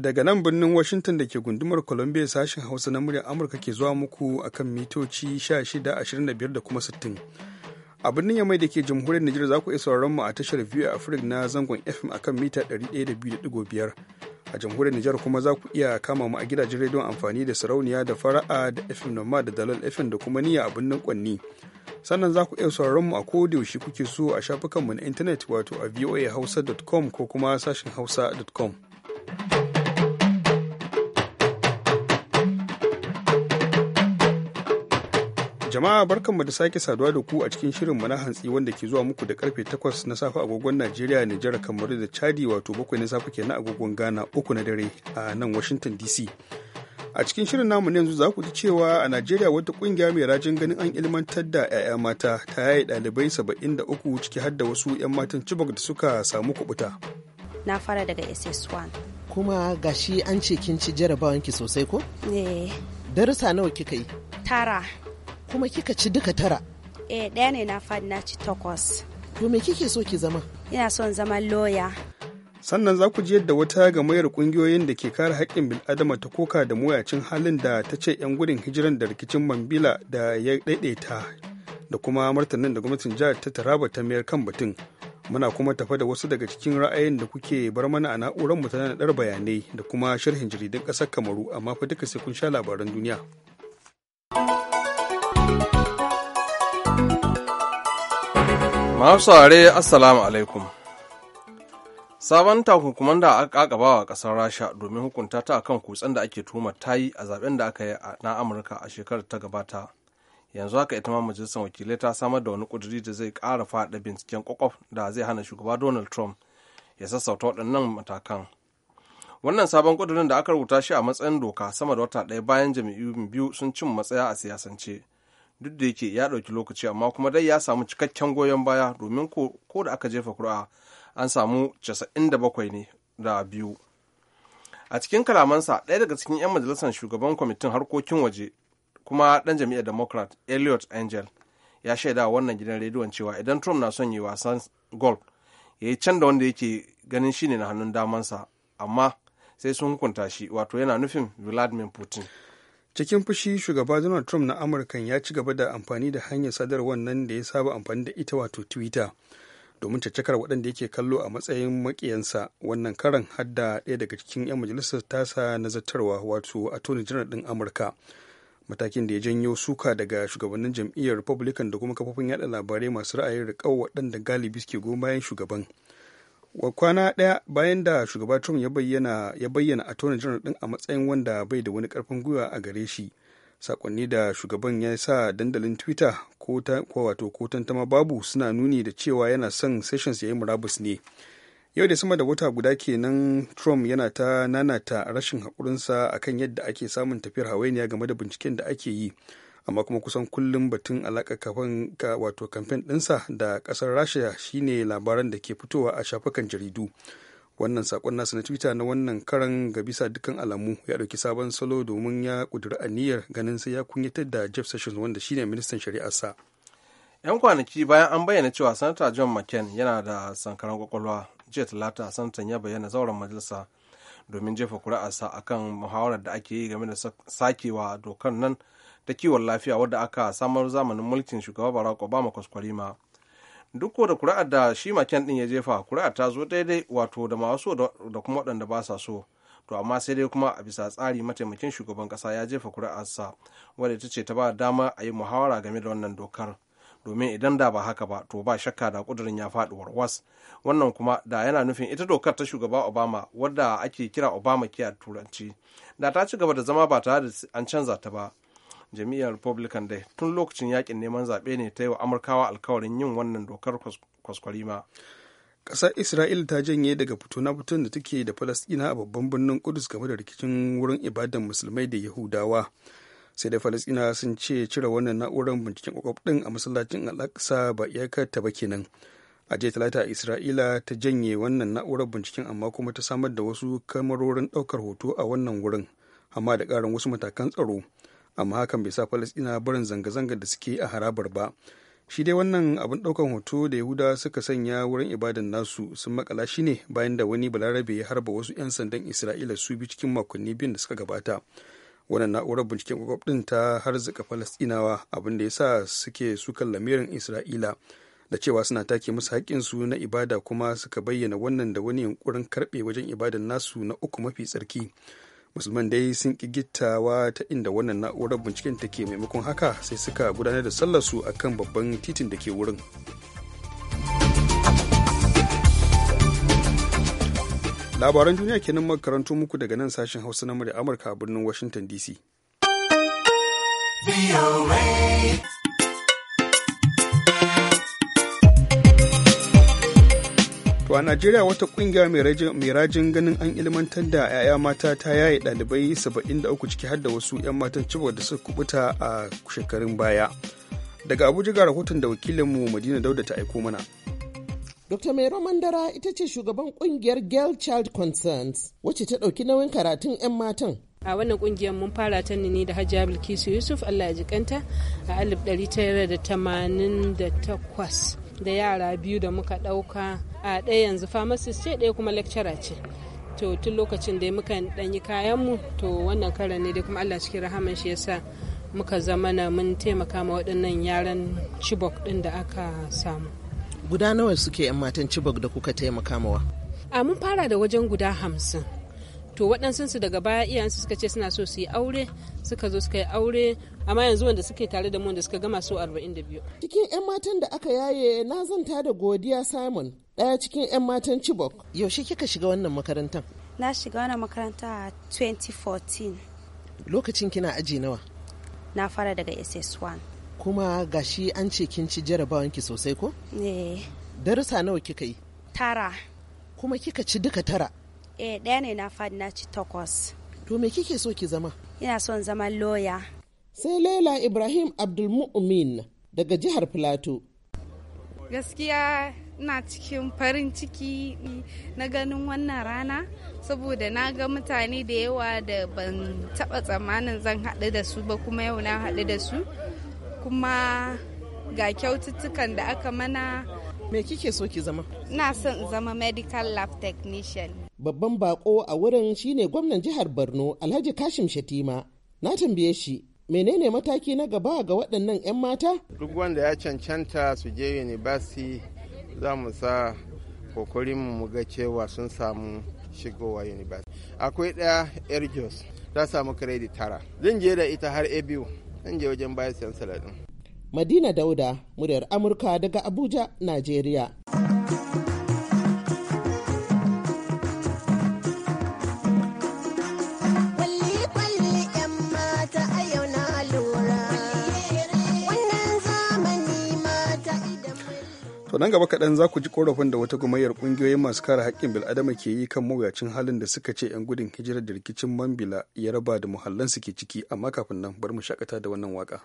daga nan birnin Washington da ke gundumar Columbia sashen Hausa na muryar Amurka ke zuwa muku akan mitoci 1625 da kuma 60. A birnin Yamai da ke jamhuriyar Nijar za ku iya sauraron mu a tashar View Africa na zangon FM akan mita 102.5. A jamhuriyar Nijar kuma za ku iya kama mu a gidajen rediyon amfani da sarauniya da fara'a da FM Noma da Dalal FM da kuma niyya a birnin Kwanni. sannan za ku iya sauraron mu a yaushe kuke so a shafukanmu na intanet wato a voahausa.com ko kuma sashen hausa.com. Jama'a barkanmu da sake saduwa da ku a cikin shirin mana hantsi wanda ke zuwa muku da karfe takwas na safe agogon Najeriya, Nijar, Kamaru da Chadi wato bakwai na safe kenan agogon Ghana uku na dare a nan Washington DC. A cikin shirin namu yanzu za ku ji cewa a Najeriya wata kungiya mai rajin ganin an ilmantar da 'ya'ya mata ta yaye ɗalibai uku ciki har da wasu 'yan matan Chibok da suka samu kubuta. Na fara daga SS1. Kuma gashi an ce kin ci jarabawanki sosai ko? Ne. Eh. Darussa nawa kika yi? Tara. kuma kika ci duka tara eh ɗaya ne na faɗi na ci takwas to me kike so ki zama ina son zama loya sannan za ku ji yadda wata mayar kungiyoyin da ke kare haƙƙin bil'adama ta koka da muyacin halin da ta ce 'yan gudun hijiran da rikicin mambila da ya ɗaiɗaita da kuma martanin da gwamnatin jihar ta taraba ta mayar kan batun muna kuma tafa da wasu daga cikin ra'ayin da kuke bar mana a na'urar mu ta naɗar bayanai da kuma sharhin jaridun ƙasar kamaru amma fa duka sai kun sha labaran duniya. Masu saurare Assalamu alaikum. Sabon takunkuman da aka kakaba wa kasar Rasha domin hukunta ta kan kutsen da ake tuhumar ta yi a zaben da aka yi na Amurka a shekarar ta gabata. Yanzu haka ita ma majalisar wakilai ta samar da wani kuduri da zai kara fada binciken kwakwaf da zai hana shugaba Donald Trump ya sassauta waɗannan matakan. Wannan sabon kudurin da aka rubuta shi a matsayin doka sama da wata ɗaya bayan jami'u biyu sun cin matsaya a siyasance. duk da yake ya ɗauki lokaci amma kuma dai ya samu cikakken goyon baya domin ko da aka jefa kura an samu 97 ne da biyu a cikin kalamansa ɗaya daga cikin 'yan majalisar shugaban kwamitin harkokin waje kuma ɗan jam'iyyar democrat elliot angel ya shaida wannan gidan rediyon cewa idan trump na son yi wasan golf ya yi can da wanda yake ganin shine na hannun damansa amma sai sun hukunta shi wato yana nufin vladimir putin cikin fushi shugaba donald trump na amurkan ya ci gaba da amfani da hanyar sadarwar nan da ya saba amfani da ita wato twitter domin caccakar waɗanda yake kallo a matsayin makiyansa wannan karan hadda ɗaya daga cikin 'yan majalisar tasa na zartarwa wato attorney general ɗin amurka matakin da ya janyo suka daga shugabannin jam'iyyar republican da kuma kafofin yaɗa labarai masu ra'ayin riƙau waɗanda galibi suke goma bayan shugaban wa kwana ɗaya bayan da shugaba trump ya bayyana ya bayyana attorney general din a matsayin wanda bai da wani karfin gwiwa a gare shi sakonni da shugaban ya sa dandalin twitter ko wato ko tantama babu suna nuni da cewa yana son sessions ya yi murabus ne yau da sama da wata guda kenan trump yana ta nanata rashin hakurinsa akan yadda ake samun tafiyar hawainiya game da binciken da ake yi amma kuma kusan kullum batun alaƙa kafin ka wato kamfen ɗinsa da kasar rasha shine labaran da ke fitowa a shafukan jaridu wannan sakon nasa na twitter na wannan karan ga bisa dukkan alamu ya ɗauki sabon salo domin ya ƙudiri aniyar ganin sai ya kunyatar da jeff sessions wanda shine ministan shari'arsa yan kwanaki bayan an bayyana cewa sanata john mccain yana da sankaran kwakwalwa jiya talata sanatan ya bayyana zauren majalisa domin jefa kuri'arsa akan muhawarar da ake yi game da sakewa dokar nan ta kiwon lafiya wadda aka samar zamanin mulkin shugaba barack obama kwaskwarima duk da kuri'ar da shi maken din ya jefa kuri'ar ta zo daidai wato da masu da kuma waɗanda ba sa so to amma sai dai kuma a bisa tsari mataimakin shugaban kasa ya jefa kuri'arsa wadda ta ce ta ba dama a yi muhawara game da wannan dokar domin idan da ba haka ba to ba shakka da kudurin ya faɗi warwas wannan kuma da yana nufin ita dokar ta shugaba obama wadda ake kira obama kiya turanci da ta ci gaba da zama ba tare da an canza ta ba jam'iyyar republican da tun lokacin yakin neman zaɓe ne ta yi wa amurkawa alkawarin yin wannan dokar kwaskwarima ƙasar isra'il ta janye daga fito na fiton da take da falasɗina a babban birnin kudus game da rikicin wurin ibadan musulmai da yahudawa sai da falasɗina sun ce cire wannan na'urar binciken kwakwaf ɗin a masallacin al'aqsa ba iyakar ta ba kenan a jiya talata isra'ila ta janye wannan na'urar binciken amma kuma ta samar da wasu kamarorin ɗaukar hoto a wannan wurin amma da ƙarin wasu matakan tsaro amma hakan bai sa falasɗina barin zanga zanga da suke a harabar ba shi dai wannan abin ɗaukan hoto da yahuda suka sanya wurin ibadan nasu sun makala shi ne bayan da wani balarabe ya harba wasu 'yan sandan isra'ila su bi cikin makonni biyun da suka gabata wannan na'urar binciken kwakwaf ɗin ta harzika falasɗinawa abin da ya sa suke sukan lamirin isra'ila da cewa suna take musu haƙƙinsu na ibada kuma suka bayyana wannan da wani yunkurin karɓe wajen ibadan nasu na uku mafi tsarki musulman dai sun ƙi ta inda wannan na'urar binciken take maimakon haka sai suka gudanar da sallarsu a kan babban titin da ke wurin labaran duniya kenan makarantu muku daga nan sashen hausa na murya amurka a birnin washington dc To a Najeriya wata kungiya mai rajin ganin an ilmantar da 'ya'ya mata ta yaye ɗalibai 73 ciki har da wasu 'yan matan cibo da suka kubuta a shekarun baya. Daga Abuja ga rahoton da wakilinmu Madina Dauda ta aiko mana. Dr. Mai Mandara ita ce shugaban kungiyar Girl Child Concerns wacce ta ɗauki nauyin karatun 'yan matan a wannan kungiyar mun fara ta ne da hajiya bilkisu yusuf allah ya jikanta a 1988 da yara biyu da muka ɗauka a ɗaya yanzu pharmacist ce ɗaya kuma lecturer ce to tun lokacin da muka ɗanyi kayanmu to wannan karan ne dai kuma allah cikin rahaman shi yasa muka zama na mun taimaka ma waɗannan yaran chibok ɗin da aka samu guda nawa suke 'yan matan chibok da kuka taimaka mawa a mun fara da wajen guda hamsin to waɗansu daga baya iyayensu suka ce suna so su yi aure suka zo suka yi aure amma yanzu wanda suke tare da mu wanda suka gama so 42 cikin 'yan matan da aka yaye na zanta da godiya simon ɗaya cikin 'yan matan Chibok. Yaushe kika shiga wannan makarantar? Na shiga wannan makaranta 2014. Lokacin kina aji nawa? Na fara daga SS1. Kuma gashi an ce kin ci ki sosai ko? Ne. Eh. Darussa nawa kika yi? Tara. Kuma kika ci duka tara? Eh, ɗaya ne na fadi na ci takwas. To me kike so ki zama? Ina son zama loya. Sai Laila Ibrahim Abdulmu'min daga jihar Filato. Gaskiya ina cikin farin ciki na ganin wannan rana saboda na ga mutane da yawa da ban taba tsammanin zan haɗu da su ba kuma yau na haɗu da su kuma ga kyaututtukan da aka mana me kike so ki zama na son zama medical lab technician babban bako a wurin shine gwamnan jihar borno alhaji kashim shatima na tambaye shi menene mataki na gaba ga waɗannan 'yan mata duk wanda ya cancanta su je university za mu sa kokarin mu ga cewa sun samu shigowa university akwai ɗaya air jos ta samu credit tara zan je da ita har abu zan je wajen bayan siyan saladin madina dauda muryar amurka daga abuja najeriya nan gaba kaɗan za ku ji korafin da wata gumayyar ƙungiyoyin masu kare haƙƙin bil'adama ke yi kan mawuyacin halin da suka ce 'yan gudun hijirar da rikicin mambila ya raba da muhallansu ke ciki amma kafin nan bar mu shakata da wannan waka.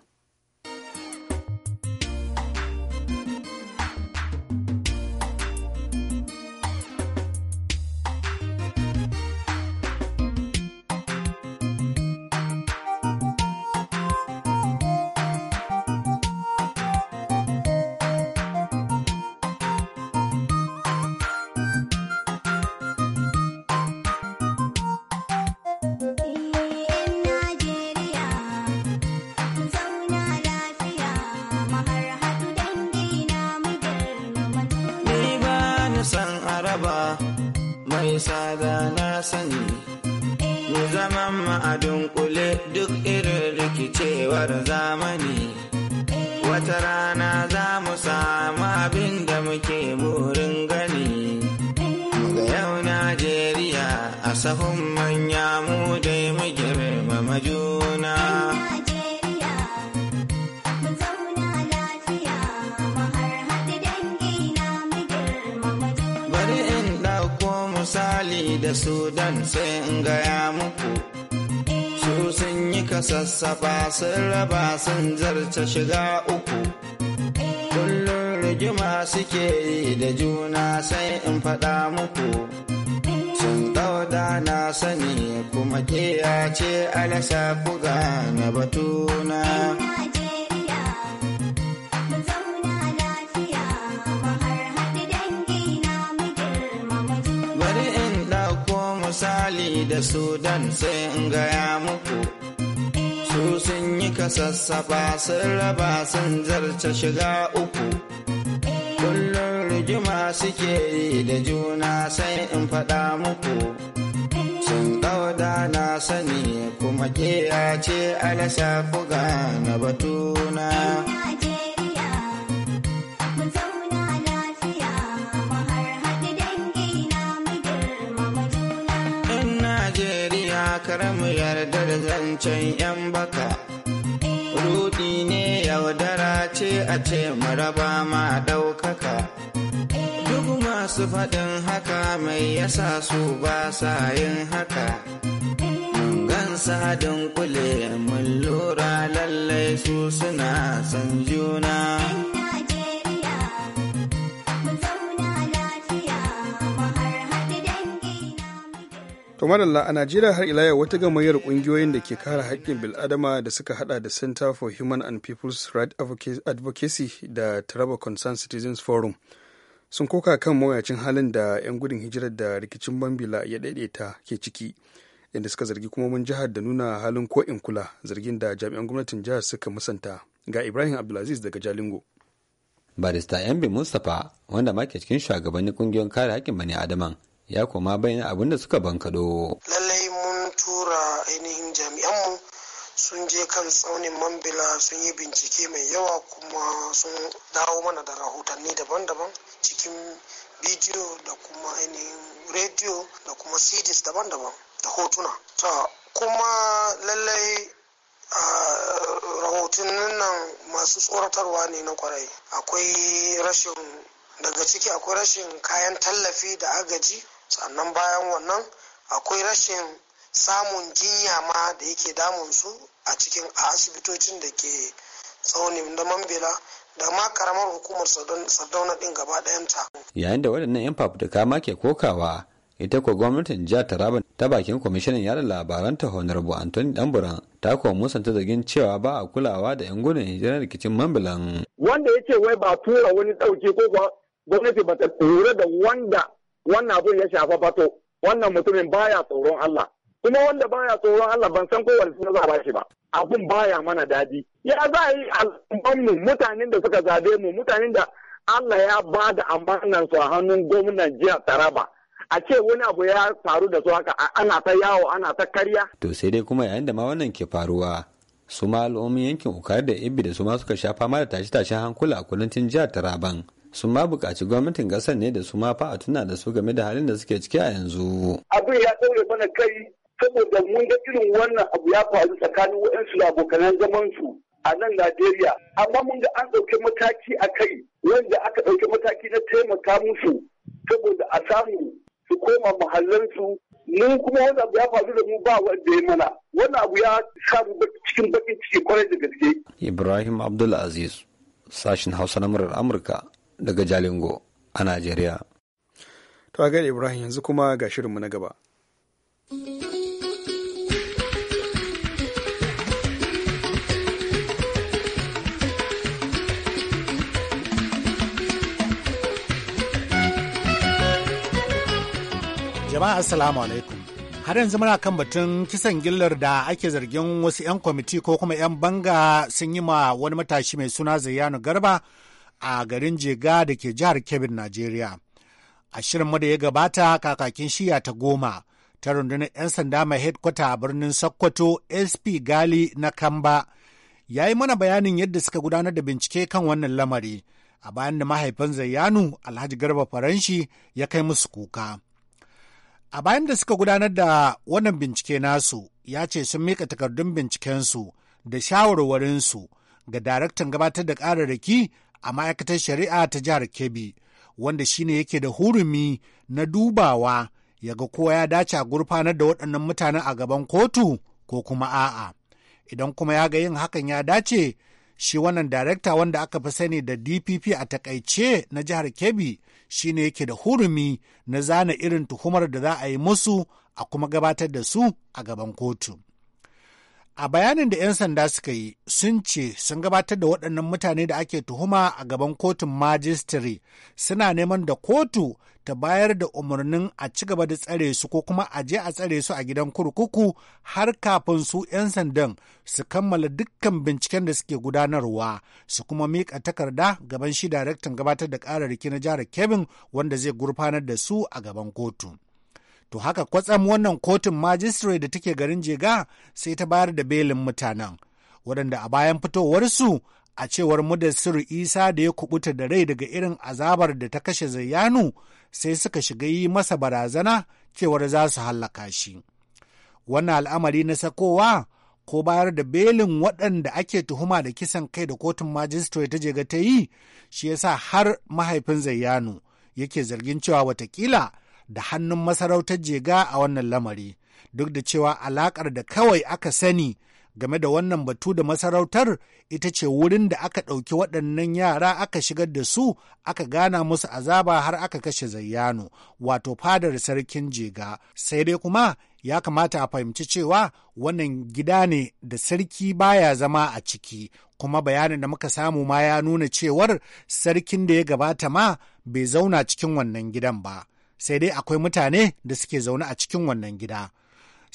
dai mu ma juna. Bari in ɗauko misali da Sudan sai in gaya muku. Eh. Su sun yi kasassafa sun raba sun zarce shiga uku. Eh. Kullum rigima suke yi da juna sai in faɗa muku. da na sani kuma ke ya ce alasa buga na batuna. Bari in ɗauko misali da Sudan sai in gaya muku. su sun yi kasassafa sun raba sun zarce shiga uku kullum rigima suke yi da juna sai in faɗa muku na sani kuma ke ya ce alasa buga na batuna. Karamu yardar zancen 'yan baka, eh. rudi ne yaudara ce a ce maraba ma ɗaukaka. Eh. Duk masu faɗin haka mai yasa su ba sa yin haka. sa kule mun lura lallai su suna san juna. To madalla a Najeriya har ila yau wata gamayyar kungiyoyin da ke kare haƙƙin bil'adama da suka hada da Center for Human and People's Rights Advocacy da Taraba Concerned Citizens Forum sun koka kan mawuyacin halin da 'yan gudun hijirar da rikicin Bambila ya daidaita ke ciki. yadda suka zargi mun jihar da nuna halin ko'in kula zargin da jami'an gwamnatin jihar suka musanta ga ibrahim abdulaziz daga jalingo barista yambe mustapha wanda ma ke cikin shugabannin kungiyoyin kare haƙƙin bani adaman ya koma bayan abin da suka bankado lallai mun tura ainihin jami'anmu sun je kan tsaunin mambila sun yi bincike mai yawa kuma sun dawo mana da rahotanni daban-daban cikin bidiyo da kuma ainihin rediyo da kuma cds daban-daban da hotuna ta kuma lallai rahotannin nan masu tsoratarwa ne na kwarai akwai rashin daga ciki akwai rashin kayan tallafi da agaji sannan bayan wannan akwai rashin samun jinya ma da yake damun su a cikin asibitocin da ke tsaunin da mambila da ma karamar hukumar sardauna din gaba ɗayanta yayin da waɗannan 'yan fafutuka ma ke kokawa ita ko gwamnatin jihar taraba ta bakin kwamishinan yada labaran ta honorable anthony damburan ta kuwa musanta zagin cewa ba a kulawa da yan gudun hijirar rikicin mambilan wanda ya ce wai ba tura wani dauke ko kuwa gwamnati ba ta tura da wanda wannan abin ya shafa ba to wannan mutumin baya tsoron allah kuma wanda baya tsoron allah ban san kowane suna za ba shi ba abun baya mana dadi ya za a yi al'ummanmu mutanen da suka zabe mu mutanen da allah ya ba da amanansu a hannun gwamnan jihar taraba a ce wani abu ya faru da su haka ana ta yawo ana ta karya. To sai dai kuma yayin da ma wannan ke faruwa su ma al'ummin yankin ukar da ibi da su ma suka sha fama da tashe-tashen hankula a kudancin jihar Taraban. Su ma buƙaci gwamnatin ƙasar ne da su ma fa a tuna da su game da halin da suke ciki a yanzu. Abin ya ɗaure mana kai saboda mun ga irin wannan abu ya faru tsakanin waɗansu abokanan zaman su a nan Najeriya. Amma mun ga an ɗauki mataki a kai wanda aka ɗauki mataki na taimaka musu saboda a samu su koma mahallansu mun kuma wani abu ya faru da mu ba wanda ya mana wani abu ya sa mu cikin bakin ciki kwarai da gaske. Ibrahim Abdul Aziz sashin Hausa na murar Amurka daga Jalingo a Najeriya. To a Ibrahim yanzu kuma ga shirin mu na gaba. Jama'a Assalamu alaikum. Har yanzu muna kan batun kisan gillar da ake zargin wasu 'yan kwamiti ko kuma 'yan banga sun yi ma wani matashi mai suna Zayyano Garba a garin Jega da ke jihar Kebbi, Najeriya. A shirin da ya gabata kakakin shiya ta goma ta rundunar 'yan sanda mai headquarter a birnin Sokoto SP Gali na Kamba ya yi mana bayanin yadda suka gudanar da bincike kan wannan lamari a bayan da mahaifin Zayyanu Alhaji Garba Faranshi ya kai musu kuka. A bayan da suka gudanar da wannan bincike nasu ya ce sun mika takardun bincikensu da shawarwarinsu ga daraktan gabatar da ƙararraki a ma'aikatar shari'a ta jihar Kebbi, wanda shine yake da hurumi na dubawa ya ga ko ya dace a gurfanar da waɗannan mutanen a gaban kotu ko kuma a'a. Idan kuma ya ga yin hakan ya dace, shi wannan darakta wanda aka fi sani da DPP a takaice na jihar Kebbi shine yake da hurumi na zana irin tuhumar da za a yi musu a kuma gabatar da su a gaban kotu. A bayanin da 'yan sanda suka yi sun ce sun gabatar da waɗannan mutane da ake tuhuma a gaban kotun majistare suna neman da kotu ta bayar da umarnin a ci gaba da tsare su ko kuma a je a tsare su a gidan kurkuku har kafin su 'yan sandan su kammala dukkan binciken da suke gudanarwa su kuma miƙa takarda gaban shi daraktan gabatar da riki na jihar Kebin wanda zai gurfanar da su a gaban kotu. To haka kwatsam wannan kotun majistare da take garin Jega sai ta bayar da belin mutanen, waɗanda a bayan fitowarsu a cewar mudassir Isa da ya kubuta da rai daga irin azabar da ta kashe Zayyanu sai suka shiga yi masa barazana cewar za su hallaka shi. Wannan al'amari na sakowa ko bayar da belin waɗanda ake tuhuma da kisan kai da kotun majistare ta Jega ta yi, shi yasa har mahaifin Zayyanu yake zargin cewa watakila da hannun masarautar jega a wannan lamari duk da cewa alakar da kawai aka sani game da wannan batu da masarautar ita ce wurin da aka ɗauki waɗannan yara aka shigar da su aka gana musu azaba har aka kashe zayyano wato fadar sarkin jega sai dai kuma ya kamata a fahimci cewa wannan gida ne da sarki baya zama a ciki kuma bayanin da muka samu ma ya nuna cewar sarkin da ya gabata ma bai zauna cikin wannan gidan ba sai dai akwai mutane da suke zaune a cikin wannan gida.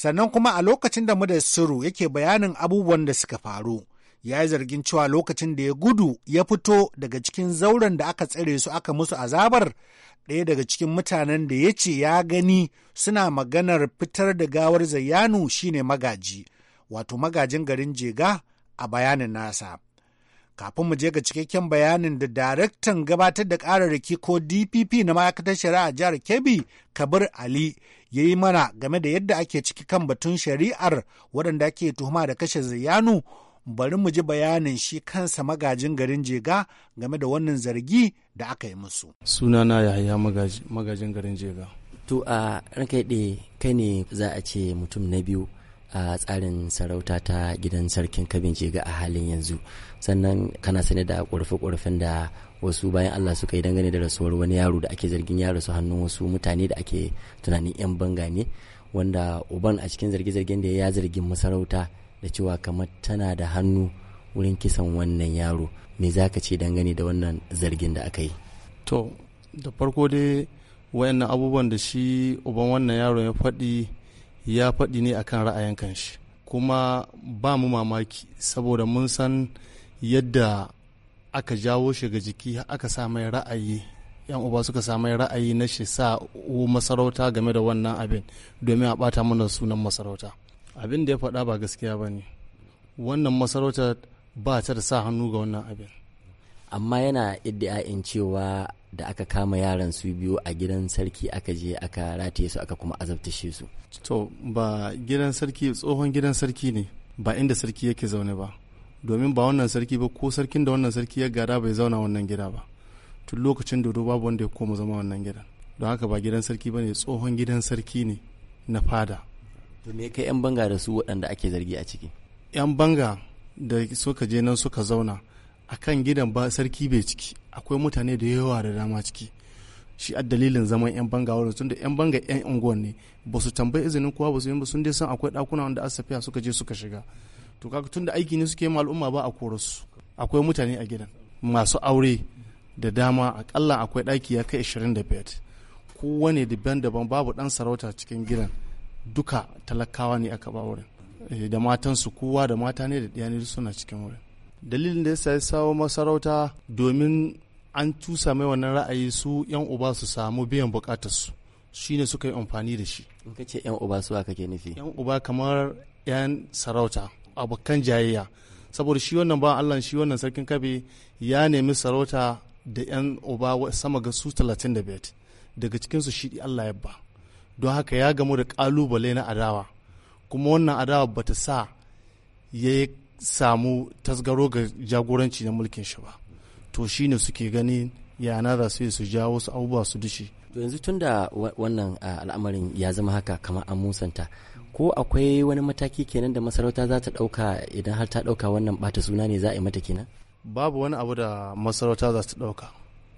Sannan kuma a lokacin da suru yake bayanin abubuwan da suka faru, ya yi zargin cewa lokacin da ya gudu ya fito daga cikin zauren da aka tsare su aka musu azabar, ɗaya daga cikin mutanen da ya ce ya gani suna maganar fitar da gawar zayyanu shine magaji, wato magajin garin jega a bayanin nasa. kafin mu je ga cikakken bayanin da daraktan gabatar da kararraki ko dpp na ma'aikatar shari'a jihar kebbi kabir ali ya yi mana game da yadda ake ciki kan batun shari'ar waɗanda ake tuhuma da kashe ziyanu bari mu ji bayanin shi kansa magajin garin jega game da wannan zargi da aka yi musu sunana yahaya magajin garin jega to a rankaɗe kai ne za a ce mutum na biyu a tsarin sarauta ta gidan sarkin kabin ga a halin yanzu sannan kana sane da kurfe ƙorafen da wasu bayan Allah suka yi dangane da rasuwar wani yaro da ake zargin ya rasu hannun wasu mutane da ake tunanin 'yan banga ne wanda uban a cikin zarge-zargen da ya zargin masarauta da cewa kamar tana da hannu wurin kisan wannan yaro me za ka ce dangane da wannan zargin da aka yi to da farko dai wayannan abubuwan da shi uban wannan yaro ya faɗi ya faɗi ne a kan ra'ayin kanshi kuma ba mu mamaki saboda mun san yadda aka jawo shi ga jiki aka sa mai ra'ayi yan uba suka sa mai ra'ayi na shi sa masarauta game da wannan abin domin a bata mana sunan masarauta abin da ya faɗa ba gaskiya ba ne wannan masarauta ba ta da sa hannu ga wannan abin amma yana iddia'in cewa da aka kama yaran su biyu a gidan sarki aka je aka rataye su aka kuma azabtashe su to ba gidan sarki tsohon gidan sarki ne ba inda sarki yake zaune ba domin ba wannan sarki ba ko sarkin da wannan sarki ya gada bai zauna wannan gida ba tun lokacin dodo babu wanda ya koma zama wannan gidan don haka ba gidan sarki ba ne tsohon gidan sarki ne na fada to me kai yan banga da su waɗanda ake zargi a ciki yan banga da suka je nan suka zauna a kan gidan ba sarki bai ciki akwai mutane da yawa da dama ciki shi a dalilin zaman yan banga tun da yan banga yan unguwan ne ba su tambayi izinin kowa ba su yi ba sun dai san akwai dakuna wanda asafiya suka je suka shiga to kaga tunda aiki ne suke ma al'umma ba a su akwai mutane a gidan masu aure da dama akalla akwai daki ya kai 25 kowane daban-daban babu dan sarauta cikin gidan duka talakawa ne aka ba wurin eh, da matansu kowa da mata ne da ɗaya suna cikin wurin dalilin da ya sawo masarauta domin an tusa mai wannan ra'ayi su yan uba su samu biyan bukatarsu shi ne suka yi amfani da shi in ka ce yan uba su aka ke nufi yan uba kamar yan sarauta abokan jayayya saboda shi wannan ba allah shi wannan sarkin kabe ya nemi sarauta da yan uba sama ga su 35 daga cikinsu shi allah ya ba don haka ya gamu da kalubale na adawa kuma wannan adawa bata sa ya samu tasgaro ga jagoranci na mulkin shi ba to shine suke ganin yana za su su jawo su abubuwa su dushe yanzu tun da wannan al'amarin ya zama haka kamar an musanta ko akwai wani mataki kenan da masarauta za ta ɗauka idan har ta ɗauka wannan bata suna ne za a yi mata kenan babu wani abu da masarauta za ta ɗauka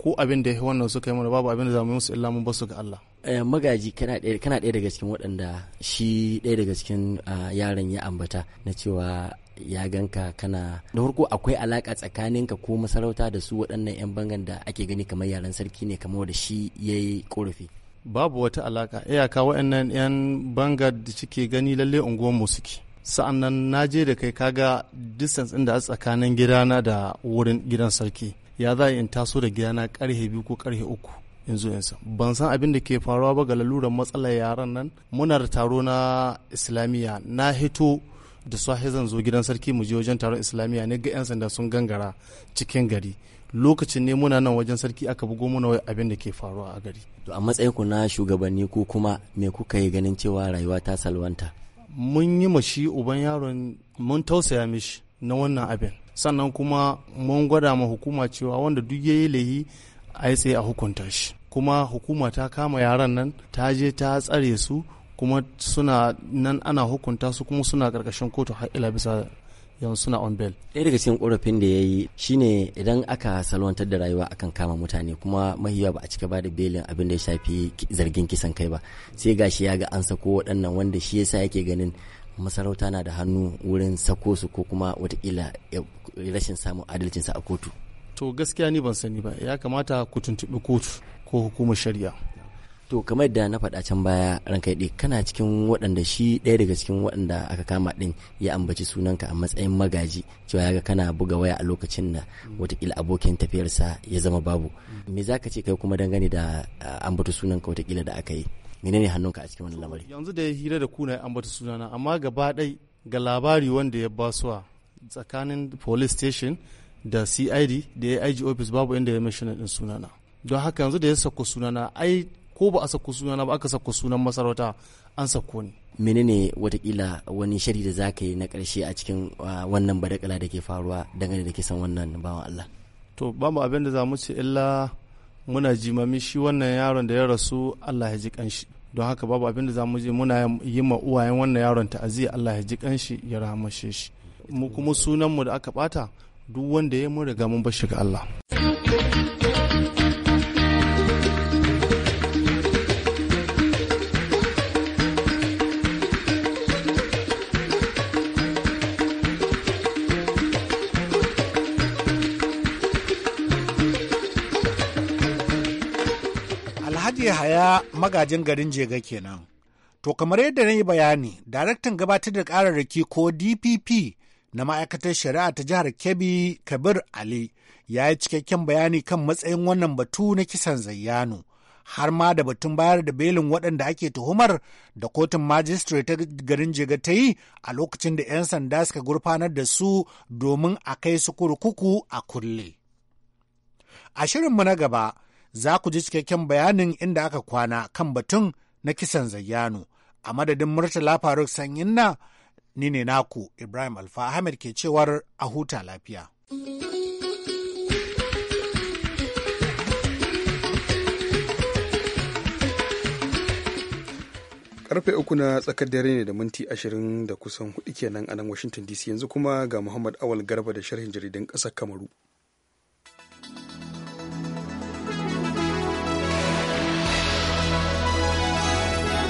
ko abin da ya wannan suka yi mana babu abin da za mu yi musu illa mun basu ga Allah eh, magaji kana ɗaya daga cikin waɗanda shi ɗaya daga cikin yaran ya ambata na cewa ya ganka kana da farko akwai alaka tsakaninka ko masarauta da su waɗannan 'yan bangan da ake gani kamar yaren sarki ne kamar da shi ya yi ƙorafi babu wata alaka iyaka waɗannan 'yan banga da suke gani lalle unguwar mu suke sa'annan na je da kai kaga distance ɗin da a tsakanin gidana da wurin gidan sarki ya za in taso da gidana karhe biyu ko karhe uku in zo in ban san abin da ke faruwa ba ga laluran matsalar yaran nan muna da taro na islamiyya na hito da safe zan zo gidan sarki mu je wajen taron islamiyya ne ga 'yan sanda sun gangara cikin gari lokacin ne muna nan wajen sarki aka bugo muna wai abin da ke faruwa a gari to a matsayin ku na shugabanni ko kuma me kuka yi ganin cewa rayuwa ta salwanta mun yi mashi uban yaron mun tausaya mishi na wannan abin sannan kuma mun gwada ma hukuma cewa wanda duk yayi lahi a yi tsaye a hukunta shi kuma hukuma ta kama yaran nan ta je ta tsare su kuma suna nan ana hukunta su kuma suna karkashin kotu har ila bisa yanzu suna on bail ɗaya daga cikin korafin da ya yi shine idan aka salwantar da rayuwa akan kama mutane kuma mahiya ba a cika ba da belin abin da ya shafi zargin kisan kai ba sai gashi ya ga an sako waɗannan wanda shi yasa yake ganin masarauta na da hannu wurin sako su ko kuma watakila rashin samun adalcinsa a kotu to gaskiya ni ban sani ba ya kamata ku tuntuɓi kotu ko hukumar shari'a to kamar da na faɗa can baya ranka ɗi kana cikin waɗanda shi ɗaya daga cikin waɗanda aka kama ɗin ya ambaci sunanka a matsayin magaji cewa yaga kana buga waya a lokacin da watakila abokin tafiyarsa ya zama babu me za ka ce kai kuma dangane da ambata sunanka watakila da aka yi menene hannunka a cikin wani lamari yanzu da ya hira da kuna ya ambata sunana amma gaba ɗai ga labari wanda ya basuwa tsakanin police station da cid da ig office babu inda ya mai ɗin sunana don haka yanzu da ya sako sunana ai ko ba a sako sunana ba aka sako sunan masarauta an sako ni menene watakila wani shari da za ka yi na karshe a cikin wannan badakala da ke faruwa dangane da kisan wannan bawan Allah to ba mu abin da za mu ce illa muna jimami shi wannan yaron da ya rasu Allah ya ji kanshi don haka babu abin da za mu je muna yi ma uwayen wannan yaron ta'aziyya Allah ya ji kanshi ya rahamashe shi mu kuma sunanmu da aka bata duk wanda ya mu riga mun bar shi ga Allah Alhaji Yahaya magajin garin Jega kenan. To kamar yadda na yi bayani, daraktan gabatar da ƙararraki ko DPP na ma'aikatar shari'a ta jihar Kebbi Kabir Ali ya yi cikakken bayani kan matsayin wannan batu na kisan zayyano. har ma da batun bayar da belin waɗanda ake tuhumar da kotun majistare ta garin jega ta yi a lokacin da 'yan sanda suka gurfanar da su domin a kai su kurkuku a kulle. A shirinmu na gaba za ku ji cikakken bayanin inda aka kwana kan batun na kisan zayyano. A madadin Murtala Faruk Sanyin na ni ne naku Ibrahim Alfa Ahmed ke cewar a huta lafiya. karfe uku na tsakar dare ne da minti ashirin da kusan hudu kenan a nan washington dc yanzu kuma ga muhammad awal garba da sharhin jaridan kasar kamaru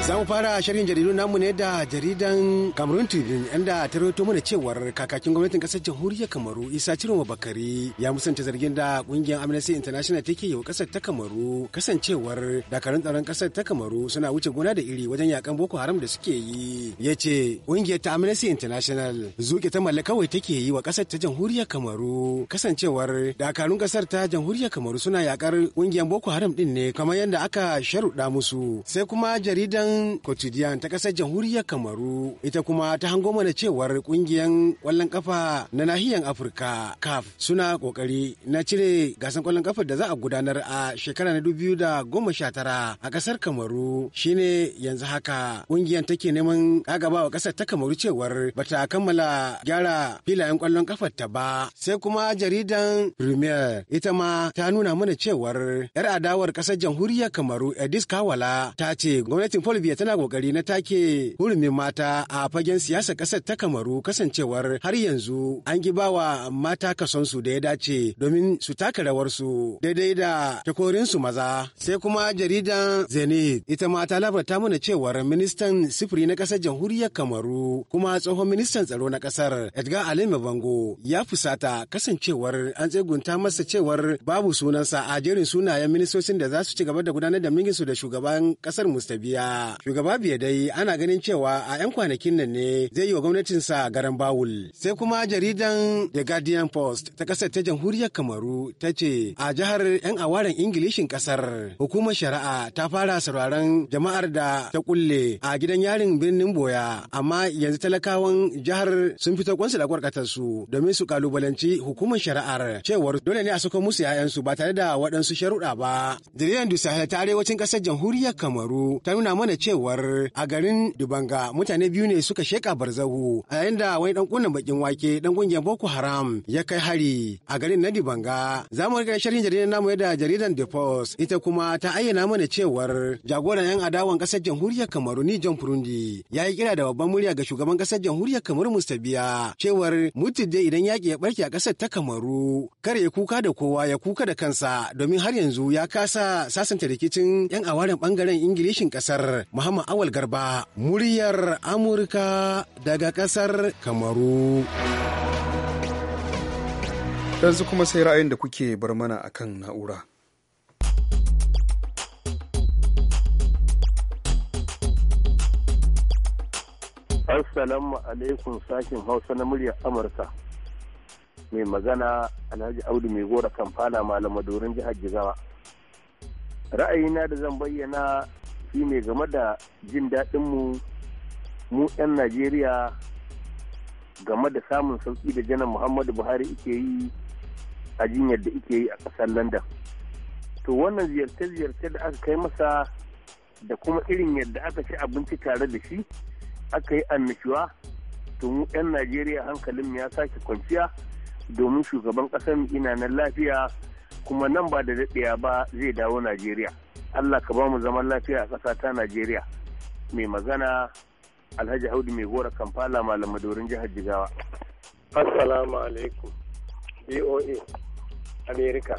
Za mu fara shirin jaridu namu ne da jaridan Cameroon Tribune inda ta rawaito mana cewar kakakin gwamnatin kasar jamhuriyar Kamaru Isa Ciroma Bakari ya musanta zargin da kungiyar Amnesty International take yi wa kasar ta Kamaru kasancewar dakarun tsaron kasar ta Kamaru suna wuce gona da iri wajen yakan Boko Haram da suke yi. Ya ce kungiyar ta Amnesty International zuke ta malla kawai take yi wa kasar ta jamhuriyar Kamaru kasancewar dakarun kasar ta jamhuriyar Kamaru suna yakar kungiyar Boko Haram din ne kamar yadda aka sharuɗa musu. Sai kuma jaridan nan quotidian ta kasar jamhuriyar kamaru ita kuma ta hango mana cewar kungiyan kwallon kafa na nahiyar afirka caf suna kokari na cire gasan kwallon kafa da za a gudanar a shekara na dubu da goma sha tara a kasar kamaru shine yanzu haka kungiyan take neman kagaba wa kasar ta kamaru cewar bata kammala gyara filayen kwallon kafar ta ba sai kuma jaridan premier ita ma ta nuna mana cewar yar adawar kasar jamhuriyar kamaru edis kawala ta ce gwamnatin paul Zambia tana kokari na take hurumin mata a fagen siyasar kasar ta Kamaru kasancewar har yanzu an gibawa mata kasonsu da ya dace domin su taka rawarsu daidai da takorinsu maza. Sai kuma jaridan Zenith ita ma ta labarta mana cewar ministan sifiri na kasar jamhuriyar Kamaru kuma tsohon ministan tsaro na kasar Edgar Alemi Bango ya fusata kasancewar an tsegunta masa cewar babu sunansa a jerin sunayen ministocin da za su ci gaba da gudanar da mulkinsu da shugaban ƙasar Mustabiya. Shugaba biya dai ana ganin cewa a 'yan kwanakin nan ne zai yi wa gwamnatinsa garan bawul. Sai kuma jaridan The Guardian Post ta kasar ta jamhuriyar Kamaru ta ce a jihar 'yan awaren Ingilishin kasar hukumar shari'a ta fara sauraron jama'ar da ta kulle a gidan yarin birnin Boya amma yanzu talakawan jihar sun fito kwansu da su domin su kalubalanci hukumar shari'ar cewar dole ne a sako musu 'ya'yansu ba tare da waɗansu sharuɗa ba. Jaridan Dusahel ta arewacin ƙasar jamhuriyar Kamaru ta nuna mana cewar a garin Dubanga mutane biyu ne suka sheka barzahu a yayin da wani dan kunnan bakin wake dan kungiyar Boko Haram ya kai hari a garin na Dubanga. Za mu riga sharhin jaridar namu da jaridar The Post ita kuma ta ayyana mana cewar jagoran yan adawan kasar jamhuriyar Kamaru ni John Furundi ya yi kira da babban murya ga shugaban kasar jamhuriyar Kamaru biya cewar mutu dai idan yaki ya barke a kasar ta Kamaru kar ya kuka da kowa ya kuka da kansa domin har yanzu ya kasa sasanta rikicin yan awaren bangaren Ingilishin kasar Muhammad Awal Garba, muryar Amurka daga ƙasar Kamaru. Yanzu kuma sai ra'ayin da kuke bar mana a kan na'ura. Assalamu alaikum sashen Hausa na muryar Amurka. Mai magana Alhaji Audu mai gora kamfana Malamadorin jihar Jigawa. Ra'ayina da zan bayyana ne game da jin daɗinmu mu 'yan najeriya game da samun sauƙi da janar muhammadu buhari ike yi a jinyar da ike yi a ƙasar london to wannan ziyarce-ziyarce da aka kai masa da kuma irin yadda aka ci abinci tare da shi aka yi annashuwa, to mu 'yan najeriya hankalin ya sake kwanciya domin shugaban ƙasar ina nan lafiya kuma nan ba da daɗewa ba zai dawo najeriya Allah ka ba mu zaman lafiya a ƙasa ta Najeriya. Mai magana Alhaji Audu mai gora Kamfala Malam Madorin jihar Jigawa. Assalamu alaikum. BOA Amerika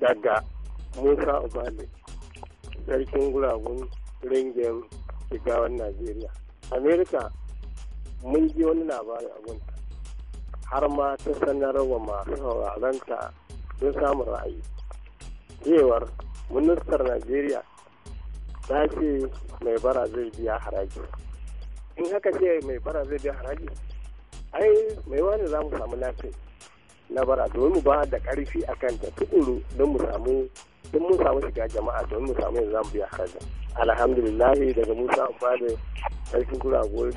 daga Musa Obale sarkin guragun ringin Jigawan Najeriya. Amerika mun ji wani labari abunta har ma ta sanarwa masu sauraronta don samun ra'ayi cewar ministar najeriya ta ce mai bara zai biya haraji in haka ce mai bara zai biya haraji ai mai wani za mu samu lafi na bara domin ba da karfi a kan ta tukuru don mu samu don mun samu shiga jama'a don mu samu yanzu za mu biya haraji alhamdulillah daga musa amma da karfin kura gol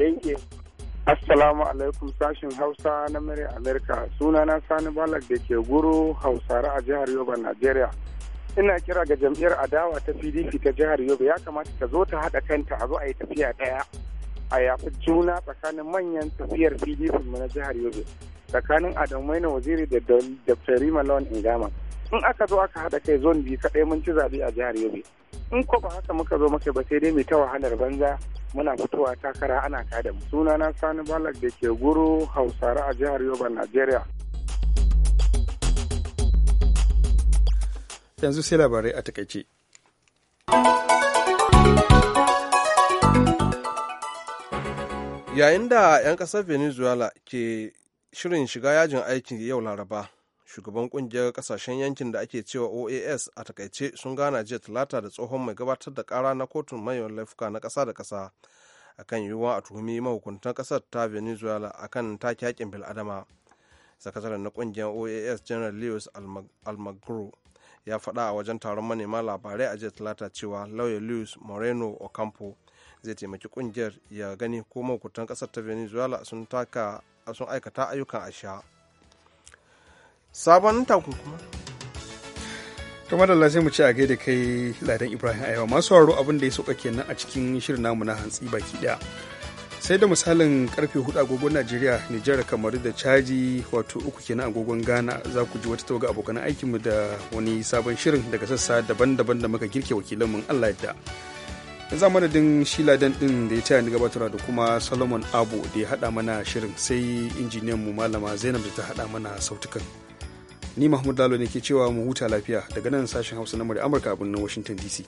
Assalamu alaikum sashin Hausa na america Amerika. Sunana Sani Balak da ke guru Hausare a jihar Yoba, Najeriya. ina kira ga jam'iyyar adawa ta pdp ta jihar yobe ya kamata ta zo ta haɗa kanta a zo a yi tafiya ɗaya a yafi juna tsakanin manyan tafiyar pdp mu na jihar yobe tsakanin adamu maina waziri da Rima malon ingama in aka zo aka haɗa kai zon biyu kaɗai mun ci zaɓe a jihar yobe in ko ba haka muka zo muka ba sai dai mai ta wahalar banza muna fitowa takara ana kada mu sunana sani balak da ke guru hausare a jihar yobe najeriya yanzu sai labarai a takaice. Yayin da 'yan ƙasar Venezuela ke shirin shiga yajin aiki yau Laraba, shugaban ƙungiyar ƙasashen yankin da ake cewa OAS a takaice sun gana jiya talata da tsohon mai gabatar da ƙara na kotun manyan laifuka na ƙasa da ƙasa akan yiwuwa a tuhumi mahukuntan ƙasar ta Venezuela a kan take haƙƙin bil'adama. Sakataren na ƙungiyar OAS General Lewis Almagro ya faɗa a wajen taron manema labarai a jiya talata cewa lauya luis moreno ocampo zai taimaki kungiyar ya gani ko mahukuntan kasar ta venezuela sun aikata ayyukan asha sabon takunkuma to da sai mu ci a gaida kai ladan ibrahim ayyawa masu sauraro abinda ya sauka kenan a cikin shirin namu na hantsi baki daya sai da misalin karfe hudu agogon najeriya nijar kamar da caji wato uku kenan agogon ghana za ku ji wata tawaga abokan aikinmu da wani sabon shirin daga sassa daban-daban da muka girke wakilanmu allah yadda da za madadin shila dan din da ya taya ni gabatarwa da kuma solomon abu da ya haɗa mana shirin sai injiniyan mu malama zainab da ta haɗa mana sautukan ni mahmud lalo ne ke cewa mu huta lafiya daga nan sashen hausa na amurka abin birnin washington dc